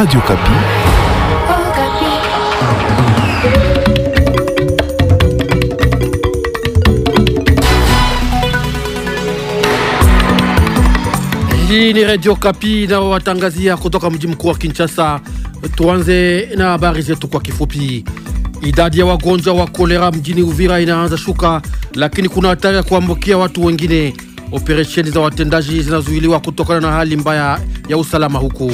Radio Kapi. Hii ni Radio Kapi nao watangazia kutoka mji mkuu wa Kinshasa. Tuanze na habari zetu kwa kifupi. Idadi ya wagonjwa wa kolera mjini Uvira inaanza shuka, lakini kuna hatari ya kuambukia watu wengine. Operesheni za watendaji zinazuiliwa kutokana na hali mbaya ya usalama huku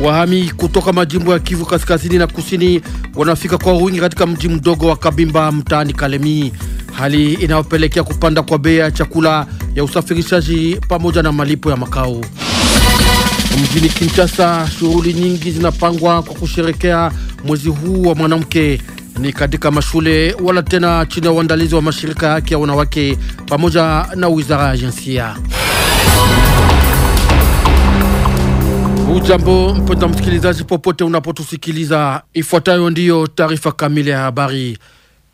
Wahami kutoka majimbo ya Kivu kaskazini na kusini wanafika kwa wingi katika mji mdogo wa Kabimba mtaani Kalemi, hali inayopelekea kupanda kwa bei ya chakula ya usafirishaji pamoja na malipo ya makao. Mjini Kinshasa, shughuli nyingi zinapangwa kwa kusherekea mwezi huu wa mwanamke, ni katika mashule wala tena chini ya uandalizi wa mashirika ya haki ya wanawake pamoja na wizara ya jinsia. Ujambo mpenda msikilizaji, popote unapotusikiliza, ifuatayo ndiyo taarifa kamili ya habari.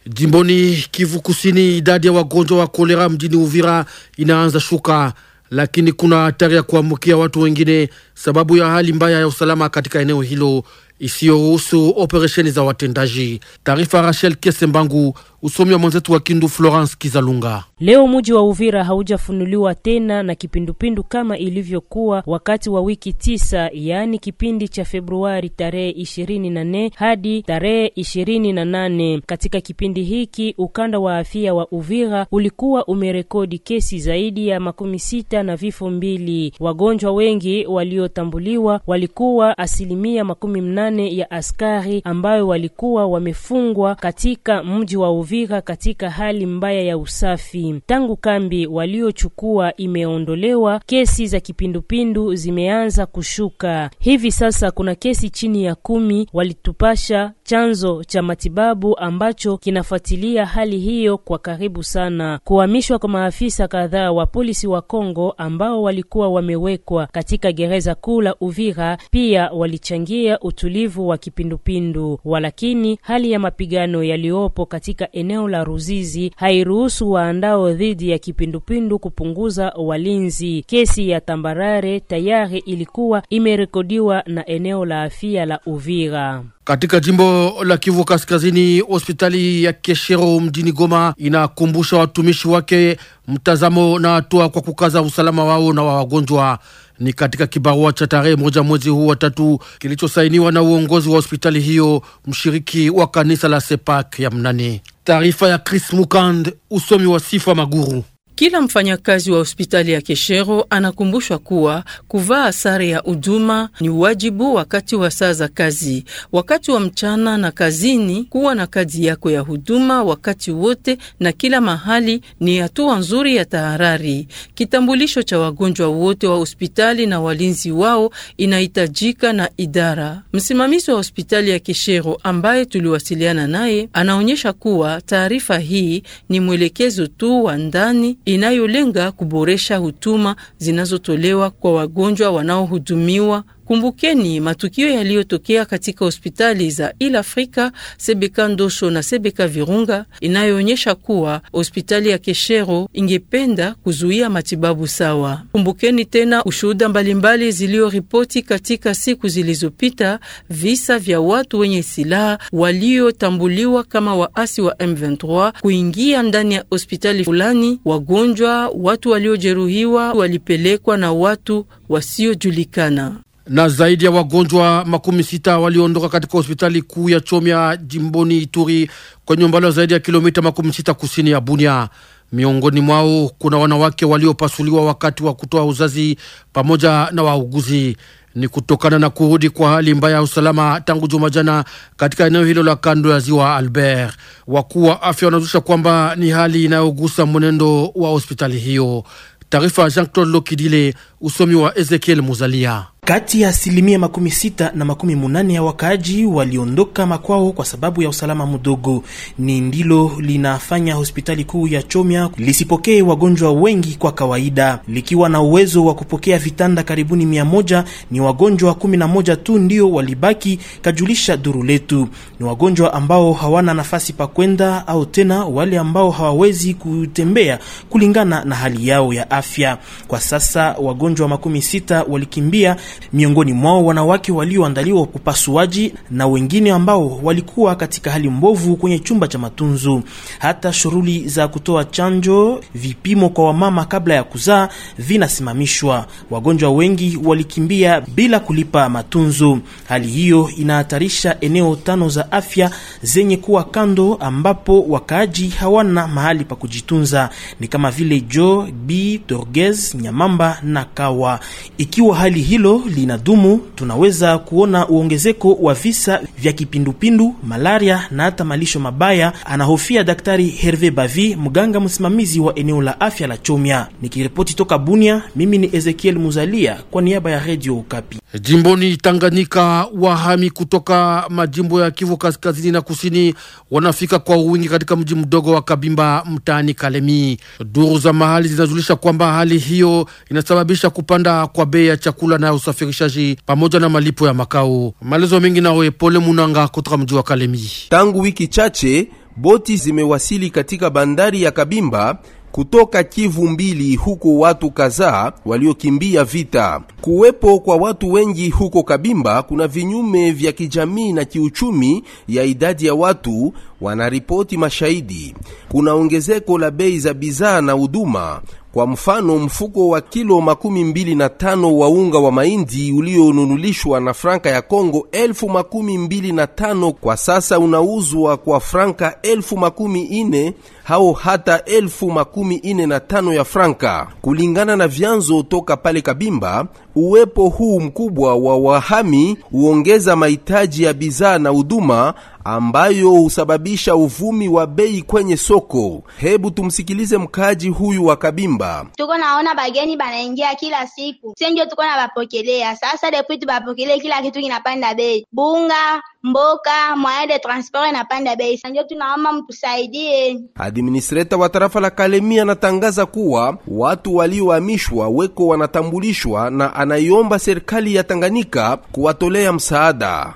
Jimboni Kivu Kusini, idadi ya wagonjwa wa kolera mjini Uvira inaanza shuka, lakini kuna hatari ya kuambukia watu wengine sababu ya hali mbaya ya usalama katika eneo hilo, isiyohusu operesheni za watendaji. Taarifa Rachel Kesembangu, usomi wa mwenzetu wa Kindu Florence Kizalunga. Leo muji wa Uvira haujafunuliwa tena na kipindupindu kama ilivyokuwa wakati wa wiki tisa, yaani kipindi cha Februari tarehe ishirini na nne hadi tarehe ishirini na nane. Katika kipindi hiki ukanda wa afya wa Uvira ulikuwa umerekodi kesi zaidi ya makumi sita na vifo mbili. Wagonjwa wengi waliotambuliwa walikuwa asilimia makumi mnane nane ya askari ambayo walikuwa wamefungwa katika mji wa Uvira katika hali mbaya ya usafi. Tangu kambi waliochukua imeondolewa, kesi za kipindupindu zimeanza kushuka. Hivi sasa kuna kesi chini ya kumi, walitupasha chanzo cha matibabu ambacho kinafuatilia hali hiyo kwa karibu sana. Kuhamishwa kwa maafisa kadhaa wa polisi wa Kongo ambao walikuwa wamewekwa katika gereza kuu la Uvira pia walichangia utulivu utulivu wa kipindupindu. Walakini hali ya mapigano yaliyopo katika eneo la Ruzizi hairuhusu waandao dhidi ya kipindupindu kupunguza walinzi. Kesi ya tambarare tayari ilikuwa imerekodiwa na eneo la afya la Uvira. Katika jimbo la Kivu Kaskazini, hospitali ya Keshero mjini Goma inakumbusha watumishi wake mtazamo na hatua kwa kukaza usalama wao na wa wagonjwa. Ni katika kibarua cha tarehe moja mwezi huu wa tatu kilichosainiwa na uongozi wa hospitali hiyo mshiriki wa kanisa la Sepak ya Mnani. Taarifa ya Chris Mukand, usomi wa Sifa Maguru. Kila mfanyakazi wa hospitali ya Keshero anakumbushwa kuwa kuvaa sare ya huduma ni wajibu wakati wa saa za kazi, wakati wa mchana na kazini. Kuwa na kazi yako ya huduma wakati wote na kila mahali ni hatua nzuri ya tahadhari. Kitambulisho cha wagonjwa wote wa hospitali na walinzi wao inahitajika na idara. Msimamizi wa hospitali ya Keshero ambaye tuliwasiliana naye anaonyesha kuwa taarifa hii ni mwelekezo tu wa ndani inayolenga kuboresha huduma zinazotolewa kwa wagonjwa wanaohudumiwa Kumbukeni matukio yaliyotokea katika hospitali za Il Afrika, Sebeka Ndosho na Sebeka Virunga, inayoonyesha kuwa hospitali ya Keshero ingependa kuzuia matibabu sawa. Kumbukeni tena ushuhuda mbalimbali ziliyoripoti katika siku zilizopita visa vya watu wenye silaha waliotambuliwa kama waasi wa M23 kuingia ndani ya hospitali fulani. Wagonjwa, watu waliojeruhiwa walipelekwa na watu wasiojulikana na zaidi ya wagonjwa makumi sita waliondoka katika hospitali kuu ya Chomia jimboni Ituri kwenye umbali wa zaidi ya kilomita makumi sita kusini ya Bunia. Miongoni mwao kuna wanawake waliopasuliwa wakati wa kutoa uzazi pamoja na wauguzi. Ni kutokana na kurudi kwa hali mbaya ya usalama tangu juma jana katika eneo hilo la kando ya ziwa Albert. Wakuu wa afya wanazusha kwamba ni hali inayogusa mwenendo wa hospitali hiyo. Taarifa ya Jean Claude Lokidile, usomi wa Ezekiel Muzalia. Kati ya asilimia makumi sita na makumi munane ya wakaaji waliondoka makwao kwa sababu ya usalama mdogo. Ni ndilo linafanya hospitali kuu ya Chomya lisipokee wagonjwa wengi kwa kawaida, likiwa na uwezo wa kupokea vitanda karibuni mia moja. Ni wagonjwa kumi na moja tu ndio walibaki, kajulisha duru letu. Ni wagonjwa ambao hawana nafasi pa kwenda au tena wale ambao hawawezi kutembea kulingana na hali yao ya afya. Kwa sasa wagonjwa makumi sita walikimbia miongoni mwao wanawake walioandaliwa upasuaji na wengine ambao walikuwa katika hali mbovu kwenye chumba cha matunzo. Hata shughuli za kutoa chanjo, vipimo kwa wamama kabla ya kuzaa vinasimamishwa. Wagonjwa wengi walikimbia bila kulipa matunzo. Hali hiyo inahatarisha eneo tano za afya zenye kuwa kando, ambapo wakaaji hawana mahali pa kujitunza, ni kama vile Jo, B, Torgez, Nyamamba na Kawa. Ikiwa hali hilo linadumu, tunaweza kuona uongezeko wa visa vya kipindupindu, malaria na hata malisho mabaya, anahofia Daktari Herve Bavi, mganga msimamizi wa eneo la afya la Chomya. Nikiripoti toka Bunia, mimi ni Ezekiel Muzalia kwa niaba ya redio Okapi. Jimboni Tanganyika, wahami kutoka majimbo ya Kivu kaskazini na kusini wanafika kwa wingi katika mji mdogo wa Kabimba mtaani Kalemi. Duru za mahali zinajulisha kwamba hali hiyo inasababisha kupanda kwa bei ya chakula na usafirishaji pamoja na malipo ya makao. Maelezo mengi nawe Pole Munanga kutoka mji wa Kalemi. Tangu wiki chache boti zimewasili katika bandari ya Kabimba kutoka Kivu mbili huko watu kadhaa waliokimbia vita. Kuwepo kwa watu wengi huko Kabimba kuna vinyume vya kijamii na kiuchumi ya idadi ya watu, wanaripoti mashahidi. Kuna ongezeko la bei za bidhaa na huduma. Kwa mfano, mfuko wa kilo makumi mbili na tano wa unga wa mahindi ulionunulishwa na franka ya Kongo elfu makumi mbili na tano kwa sasa unauzwa kwa franka elfu makumi ine hao hata elfu makumi ine na tano ya franka, kulingana na vyanzo toka pale Kabimba. Uwepo huu mkubwa wa wahami huongeza mahitaji ya bidhaa na huduma ambayo husababisha uvumi wa bei kwenye soko. Hebu tumsikilize mkaaji huyu wa Kabimba. Tuko naona bageni banaingia kila siku, sio ndio? Tuko na bapokelea sasa, deputi bapokelee, kila kitu kinapanda bei, bunga mboka mwaya de transport inapanda bei, sanjo, tunaomba mtusaidie. Administrator wa tarafa la Kalemi anatangaza kuwa watu waliohamishwa weko wanatambulishwa na anaiomba serikali ya Tanganyika kuwatolea msaada.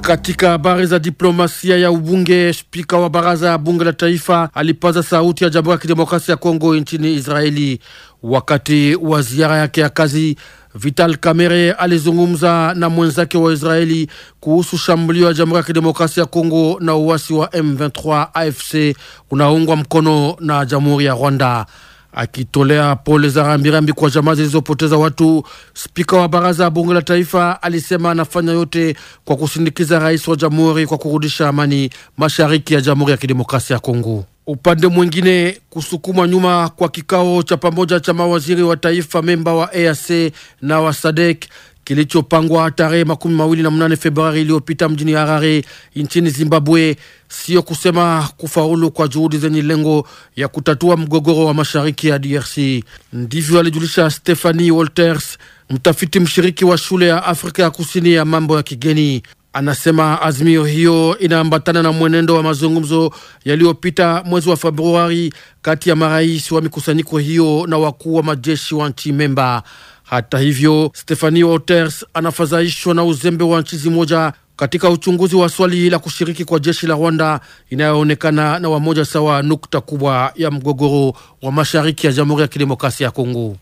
Katika habari za diplomasia ya ubunge, spika wa baraza ya bunge la taifa alipaza sauti ya Jamhuri ya Kidemokrasia ya Kongo nchini Israeli wakati wa ziara yake ya kazi. Vital Kamerhe alizungumza na mwenzake wa Israeli kuhusu shambulio ya Jamhuri ya Kidemokrasia ya Kongo na uasi wa M23 AFC unaungwa mkono na Jamhuri ya Rwanda. Akitolea pole za rambirambi kwa jamaa zilizopoteza watu, spika wa baraza ya bunge la taifa alisema anafanya yote kwa kusindikiza rais wa jamhuri kwa kurudisha amani mashariki ya Jamhuri ya Kidemokrasia ya Kongo. Upande mwingine kusukumwa nyuma kwa kikao cha pamoja cha mawaziri wa taifa memba wa EAC na wa SADC e kilichopangwa tarehe makumi mawili na mnane Februari iliyopita mjini Harare nchini Zimbabwe, sio kusema kufaulu kwa juhudi zenye lengo ya kutatua mgogoro wa mashariki ya DRC. Ndivyo alijulisha Stephanie Walters, mtafiti mshiriki wa shule ya Afrika ya Kusini ya mambo ya kigeni. Anasema azimio hiyo inaambatana na mwenendo wa mazungumzo yaliyopita mwezi wa Februari kati ya marais wa mikusanyiko hiyo na wakuu wa majeshi wa nchi memba. Hata hivyo, Stefani Waters anafadhaishwa na uzembe wa nchi zimoja katika uchunguzi wa swali la kushiriki kwa jeshi la Rwanda inayoonekana na wamoja sawa nukta kubwa ya mgogoro wa mashariki ya Jamhuri ya Kidemokrasia ya Kongo.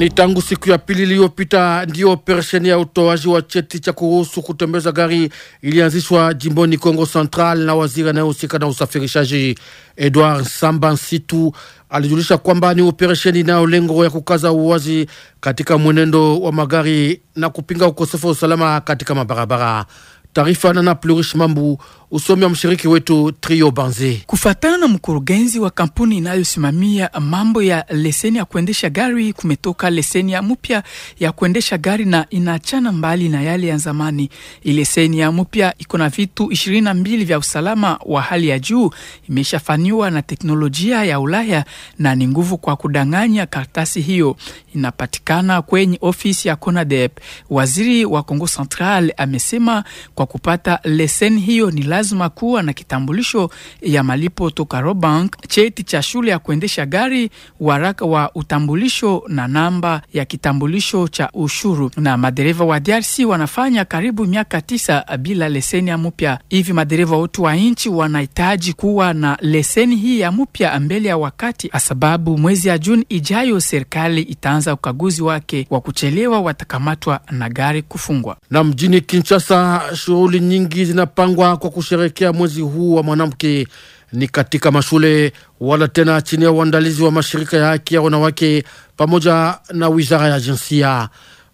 Ni tangu siku ya pili iliyopita ndiyo operesheni ya utoaji wa cheti cha kuruhusu kutembeza gari ilianzishwa jimboni Kongo Central na waziri anayehusika na usafirishaji Edward Samba Nsitu alijulisha kwamba ni operesheni inayo lengo ya kukaza uwazi katika mwenendo wa magari na kupinga ukosefu wa usalama katika mabarabara. Taarifa Nana Plurish Mambu usomi wa mshiriki wetu Trio Banze. Kufatana na mkurugenzi wa kampuni inayosimamia mambo ya leseni ya kuendesha gari, kumetoka leseni ya mpya ya kuendesha gari na inaachana mbali na yale ya zamani. Leseni ya mpya iko na vitu ishirini na mbili vya usalama wa hali ya juu, imeshafaniwa na teknolojia ya Ulaya na ni nguvu kwa kudanganya. Karatasi hiyo inapatikana kwenye ofisi ya CONADEP. Waziri wa Kongo Central amesema kwa kupata leseni hiyo ni lazima kuwa na kitambulisho ya malipo toka Robank, cheti cha shule ya kuendesha gari, waraka wa utambulisho na namba ya kitambulisho cha ushuru. Na madereva wa DRC wanafanya karibu miaka tisa bila leseni ya mpya. Hivi madereva wote wa nchi wanahitaji kuwa na leseni hii ya mpya mbele ya wakati, kwa sababu mwezi ya Juni ijayo serikali itaanza ukaguzi wake. Wa kuchelewa watakamatwa na gari kufungwa. Na mjini Kinshasa shughuli nyingi zinapangwa kwa kush kusherekea mwezi huu wa mwanamke ni katika mashule wala tena chini ya uandalizi wa mashirika ya haki ya wanawake pamoja na wizara ya jinsia.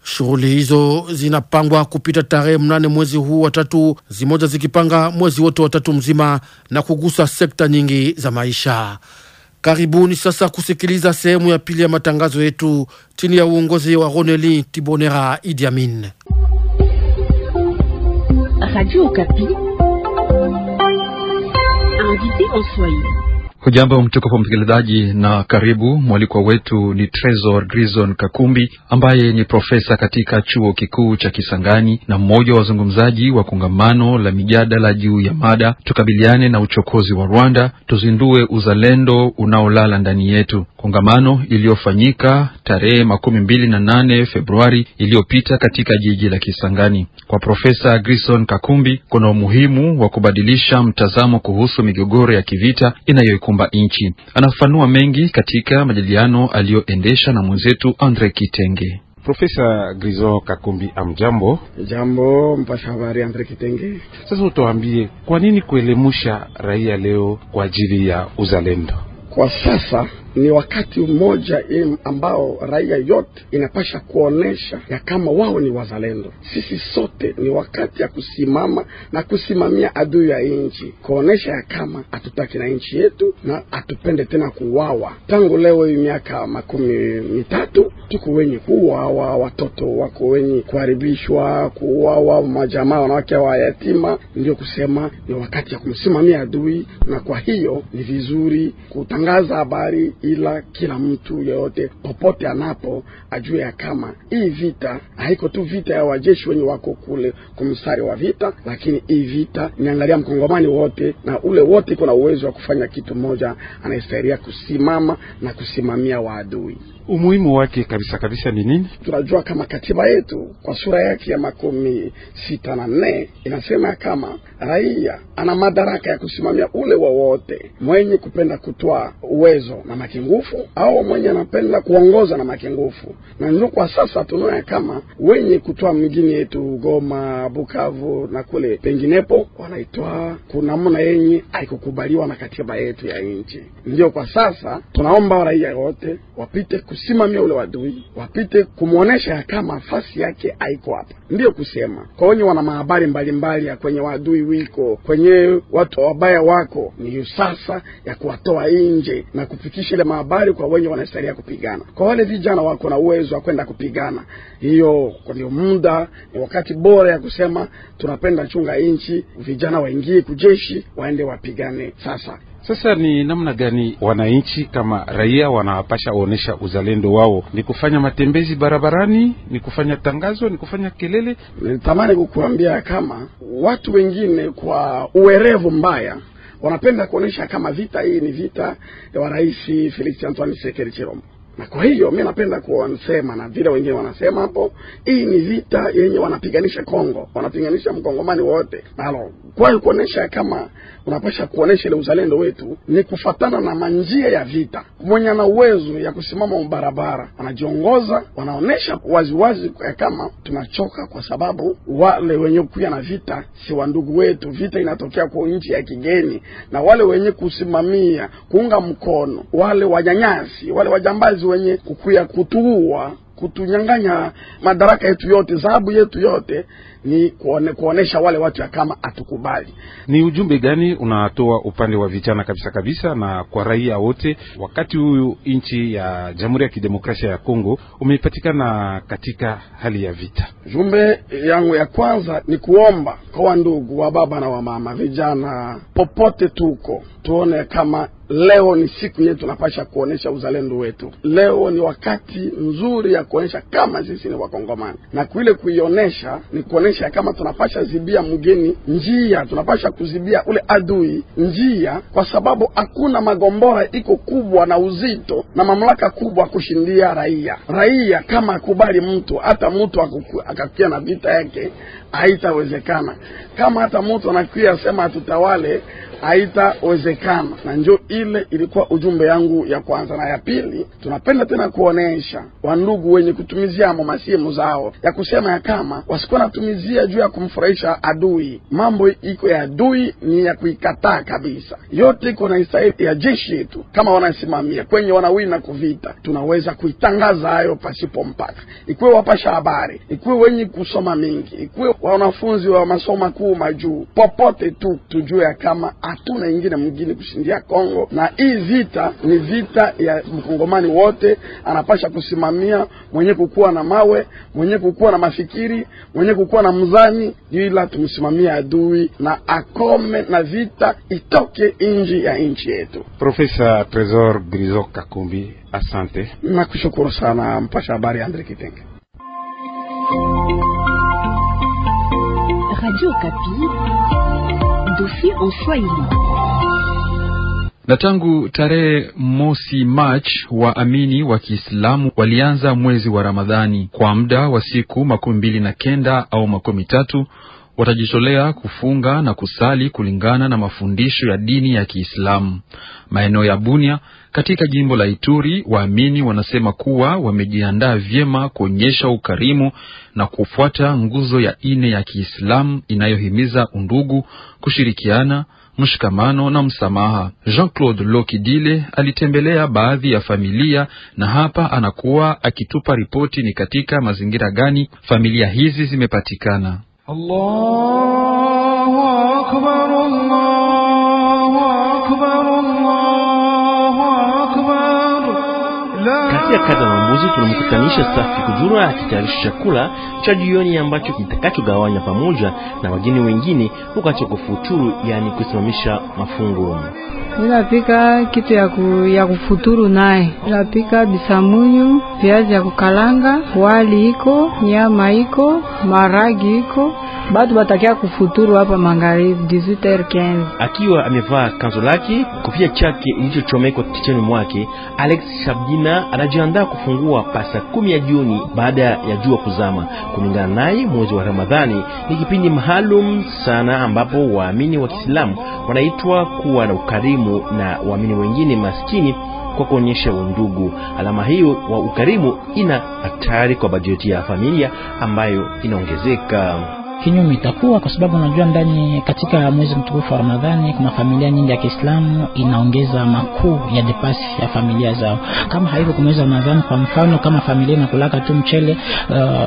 Shughuli hizo zinapangwa kupita tarehe mnane mwezi huu wa tatu, zimoja zikipanga mwezi wote wa tatu mzima na kugusa sekta nyingi za maisha. Karibuni sasa kusikiliza sehemu ya pili ya matangazo yetu chini ya uongozi wa Roneli Tibonera Idi Amin. Radio Kapi. Mwenzetu en Swahili. Hujambo mtukufu msikilizaji, na karibu. Mwalikwa wetu ni Tresor Grison Kakumbi ambaye ni profesa katika chuo kikuu cha Kisangani na mmoja wa wazungumzaji wa kongamano la mijadala juu ya mada tukabiliane na uchokozi wa Rwanda, tuzindue uzalendo unaolala ndani yetu, kongamano iliyofanyika tarehe makumi mbili na nane Februari iliyopita katika jiji la Kisangani. Kwa Profesa Grison Kakumbi, kuna umuhimu wa kubadilisha mtazamo kuhusu migogoro ya kivita inayoikumba kuomba nchi. Anafafanua mengi katika majadiliano aliyoendesha na mwenzetu Andre Kitenge. Profesa Grizo Kakumbi, amjambo. Jambo mpasha habari Andre Kitenge. Sasa utuambie kwa nini kuelemusha raia leo kwa ajili ya uzalendo? Kwa sasa ni wakati mmoja ambao raia yote inapasha kuonesha ya kama wao ni wazalendo. Sisi sote ni wakati ya kusimama na kusimamia adui ya nchi, kuonesha ya kama hatutaki na nchi yetu na hatupende tena kuwawa. Tangu leo hii miaka makumi mitatu tuko wenye kuwawa, watoto wako wenye kuharibishwa, kuwawa, majamaa wanawake wa yatima. Ndio kusema ni wakati ya kumsimamia adui, na kwa hiyo ni vizuri kutangaza habari ila kila mtu yeyote popote anapo ajue ya kama hii vita haiko tu vita ya wajeshi wenye wako kule kumstari wa vita, lakini hii vita niangalia mkongomani wote na ule wote iko na uwezo wa kufanya kitu moja, anaestahiria kusimama na kusimamia waadui. Umuhimu wake kabisa kabisa ni nini? Tunajua kama katiba yetu kwa sura yake ya makumi sita na nne inasema kama raia ana madaraka ya kusimamia ule wowote mwenye kupenda kutoa uwezo na makingufu au mwenye anapenda kuongoza na makingufu, na ndio kwa sasa tunaona kama wenye kutoa mgini yetu Goma, Bukavu na kule penginepo wanaitoa kunamna yenye haikukubaliwa na katiba yetu ya nchi. Ndio kwa sasa tunaomba raia wote wapite kusimamia ule wadui, wapite kumwonesha ya kama nafasi yake haiko hapa. Ndiyo kusema kwa wenye wana mahabari mbalimbali ya kwenye wadui wiko kwenye watu wabaya wako, ni sasa ya kuwatoa nje na kufikisha vile mahabari kwa wenye wanahistoria kupigana. Kwa wale vijana wako na uwezo wa kwenda kupigana, hiyo ndio muda, ni wakati bora ya kusema tunapenda chunga nchi, vijana waingie kujeshi, waende wapigane. Sasa sasa ni namna gani wananchi kama raia wanawapasha waonesha uzalendo wao? Ni kufanya matembezi barabarani? Ni kufanya tangazo? Ni kufanya kelele? nitamani kukuambia kama watu wengine kwa uwerevu mbaya wanapenda kuonesha kama vita hii ni vita ya Rais Felix Antoine Tshisekedi Tshilombo na kwa hiyo mi napenda kuwasema na vile wengine wanasema hapo, hii ni vita yenye wanapiganisha Kongo, wanapiganisha mkongomani wote, nalo kwa kuonesha kama unapasha kuonesha ile uzalendo wetu ni kufatana na manjia ya vita. Mwenye ana uwezo ya kusimama mbarabara wanajiongoza wanaonesha waziwazi kama tunachoka, kwa sababu wale wenye kuya na vita si wandugu wetu, vita inatokea kwa nchi ya kigeni, na wale wenye kusimamia kuunga mkono wale wanyanyasi, wale wajambazi wenye kukuya kutuua kutunyang'anya madaraka yetu yote, zahabu yetu yote, ni kuone, kuonesha wale watu ya kama atukubali. Ni ujumbe gani unatoa upande wa vijana kabisa kabisa na kwa raia wote, wakati huyu nchi ya Jamhuri ya Kidemokrasia ya Kongo umepatikana katika hali ya vita? Jumbe yangu ya kwanza ni kuomba kwa wandugu wa baba na wa mama, vijana popote tuko, tuone kama Leo ni siku yetu, tunapasha kuonesha uzalendo wetu. Leo ni wakati nzuri ya kuonyesha kama sisi ni Wakongomani, na kuile kuionesha ni kuonesha kama tunapasha zibia mgeni njia, tunapasha kuzibia ule adui njia, kwa sababu hakuna magombora iko kubwa na uzito na mamlaka kubwa kushindia raia. Raia kama akubali mtu, hata mtu akakia na vita yake haitawezekana. Kama hata mtu anakuya sema atutawale haitawezekana, na njo ile ilikuwa ujumbe yangu ya kwanza. Na ya pili, tunapenda tena kuonesha wandugu wenye kutumizia masimu zao ya kusema ya kama wasikuwa natumizia juu ya kumfurahisha adui. Mambo iko ya adui ni ya kuikataa kabisa, yote iko na istahili ya jeshi yetu, kama wanasimamia kwenye wanawina kuvita, tunaweza kuitangaza hayo pasipo mpaka, ikuwe wapasha habari, ikuwe wenye kusoma mingi, ikuwe wanafunzi wa masomo makuu majuu, popote tu tujue ya kama hatuna ingine mwingine kushindia Kongo, na hii vita ni vita ya mkongomani wote, anapasha kusimamia mwenye kukuwa na mawe, mwenye kukuwa na mafikiri, mwenye kukuwa na mzani, ila tumsimamia adui na akome na vita itoke nji ya nchi yetu. Profesa Tresor Grizo Kakumbi, asante na kushukuru sana mpasha habari Andre Kitenge. Radio Kapi dossier en Swahili. Na tangu tarehe mosi Machi, waamini wa Kiislamu walianza mwezi wa Ramadhani kwa muda wa siku makumi mbili na kenda au makumi tatu watajitolea kufunga na kusali kulingana na mafundisho ya dini ya Kiislamu. Maeneo ya Bunia katika jimbo la Ituri, waamini wanasema kuwa wamejiandaa vyema kuonyesha ukarimu na kufuata nguzo ya ine ya Kiislamu inayohimiza undugu, kushirikiana, mshikamano na msamaha. Jean-Claude Lokidile alitembelea baadhi ya familia na hapa anakuwa akitupa ripoti ni katika mazingira gani familia hizi zimepatikana. Allahu Akbar, Allahu Akbar. ya kazi ya mbuzi tunamkutanisha Safi Kujura akitayarisha chakula cha jioni ambacho kitakachogawanya pamoja na wageni wengine wakati kufuturu, yaani kusimamisha mafungo. Ninapika kitu ya, ku, ya kufuturu naye ninapika bisamunyu, viazi ya kukalanga, wali iko, nyama iko, maragi iko batu batakia kufuturu hapa magharibi 18h15. Akiwa amevaa kanzo lake, kofia chake ilichochomekwa kichwani mwake, Alex Shabdina anajiandaa kufungua pasa kumi ya jioni baada ya jua kuzama. Kulingana naye, mwezi wa Ramadhani ni kipindi maalum sana ambapo waamini wa Kiislamu wanaitwa kuwa na ukarimu na waamini wengine maskini kwa kuonyesha undugu. Alama hiyo wa ukarimu ina hatari kwa bajeti ya familia ambayo inaongezeka kinyume itakuwa, kwa sababu unajua ndani katika mwezi mtukufu wa Ramadhani kuna familia nyingi ya Kiislamu inaongeza makuu ya depasi ya familia zao. Kama haivyo kwa mwezi wa Ramadhani, kwa mfano kama familia inakulaka tu mchele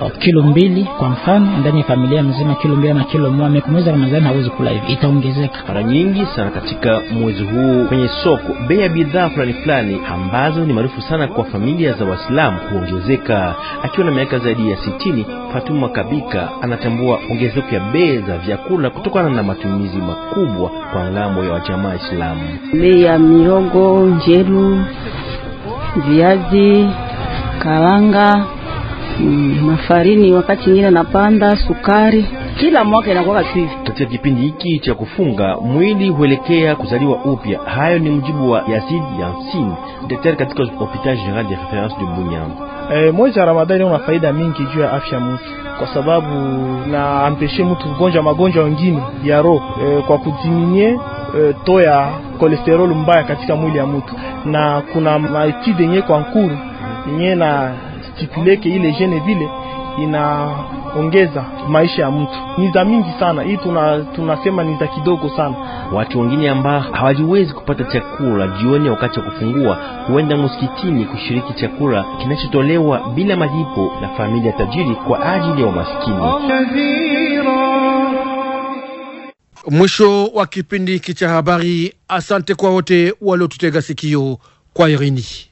uh, kilo mbili kwa mfano, ndani ya familia mzima kilo mbili na kilo moja, kwa mwezi wa Ramadhani hauwezi kula hivi, itaongezeka mara nyingi sana katika mwezi huu. Kwenye soko bei ya bidhaa fulani fulani ambazo ni maarufu sana kwa familia za Waislamu huongezeka. Akiwa na miaka zaidi ya 60, Fatuma Kabika anatambua ongezeko ongezeko ya bei za vyakula kutokana na matumizi makubwa kwa ngambo ya wajamaa Islamu. Bei ya mihogo, njelu, viazi, karanga, mm, mafarini wakati nyingine napanda sukari kila mwaka inakuwa hivi. Katika kipindi hiki cha kufunga mwili huelekea kuzaliwa upya. Hayo ni mjibu wa Yazid Yansin, daktari katika hospitali general de reference de Bunya. Eh, mwezi wa Ramadhani una faida mingi juu ya afya mtu kwa sababu na ampeshe mtu kugonja magonjwa mengine ya roho e, kwa kudiminye e, to ya kolesterol mbaya katika mwili ya mtu, na kuna maetide yenye kwa nkuru yenye na stipuleke ile gene vile ina ongeza maisha ya mtu ni za mingi sana. Hii tuna, tunasema ni za kidogo sana. Watu wengine ambao hawajiwezi kupata chakula jioni wakati wa kufungua huenda msikitini kushiriki chakula kinachotolewa bila malipo na familia tajiri kwa ajili ya umaskini. Mwisho wa kipindi hiki cha habari. Asante kwa wote waliotutega sikio. Kwa irini.